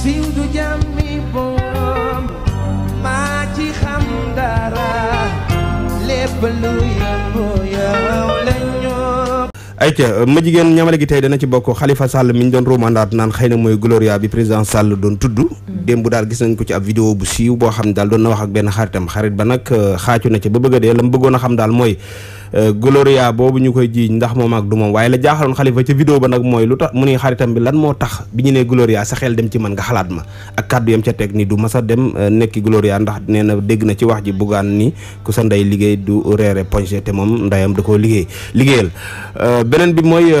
siiw du jàmmi boom maa ci xam ma jigéen ñamale gi tey dana ci bokk xalifa Sall mi ñu doon romandaat naan xëy na mooy gloria bi président Sall doon tudd mm. démb daal gis nañ ko ci ab vidéo bu siiw boo xam ne daal doon na wax ak benn xaritam xarit ba nag euh, xaacu na ci ba bëgg de dee la mu bëggoon a xam daal mooy Euh, gloria boobu ñu koy jiiñ ndax moom ak du moom waaye la jaaxaloon xalifa ca vidéo ba nag mooy lu tax mu ni xaritam bi lan moo tax bi ñu nee gloria sa xel dem ci man nga xalaat ma ak kàddu yam ca teg ni du masa dem euh, nekki gloria ndax nee na dégg na ci wax ji buggaan ni ku sa ndey liggéey du reere poñse te moom ndayam da koo liggéey liggéeyal euh, beneen bi mooy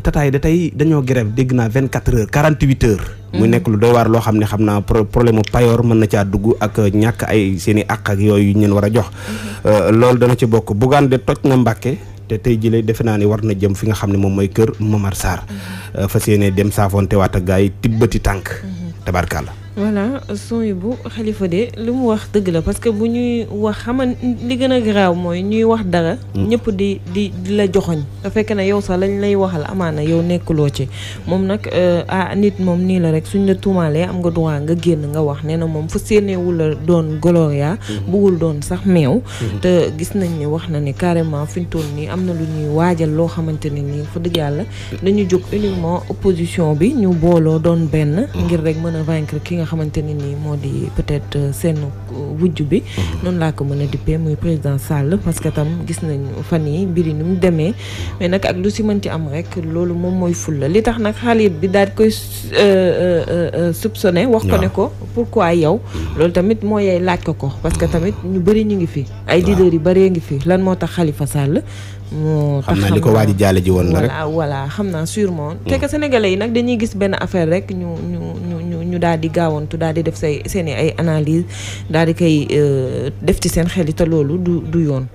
tataay da tey dañoo grève dégg naa vingt quatre heures quarante huit heures muy mm. nekk lu doy waar loo xam ne xam naa problème mu payoor mën na caa dugg ak ñàkk ay seeni ak ak yooyu ñeen war a jox mm-hmm. euh, loolu dana ci bokk Bougane de toj na Mbàkke te tey jii lay defe naa ne war na jëm fi nga xam ne moom mooy kër Momar Sarr mm-hmm. euh, fa yéene dem saafoonte waat ak gars yi tibbati tànk mm-hmm. tabarkalla voilà son yu bu xalifa de lu wax la parce que bu ñuy wax li gën ñuy wax dara. Mm. ñëpp di di la joxoñ te fekk na yow sax lañ lay waxal amaana yow nekkuloo ci moom nag euh, ah nit moom nii la rek suñ la tuumaalee am nga droit nga génn nga wax goloria mm-hmm. sax meew. Mm-hmm. te gis nañ ni wax na ni carrément fi ñu nii lu ñuy uniquement opposition bi ñu booloo doon benn. Mm. ngir rek vaincre nga xamante ne nii moo di peut-être seen wujj bi hmm. noonu laa ko mën a dippee muy président Sall parce que tam gis nañ fan yi mbir yi nu mu demee mais nag ak lu si mënti am rek loolu moom mooy fulla li tax nag Khalid bi daal koy eh, eh, eh, soupçonné wax ko ne ko pourquoi yow hmm. loolu tamit moo yey laaj ko ko parce que hmm. tamit ñu bëri ñu ngi fi ay leaders yi bëree ngi fi lan moo tax Khalifa Sall xam naa li ko waa ji jaale ji woon la rek voilà xam naa sûrement te que sénégalais yi nag dañuy gis benn affaire rek ñu ñu ñu ñu daal di gaaw gaawantu daal di def say seen ay analyse daal di koy euh, def ci seen xel te loolu du du yoon.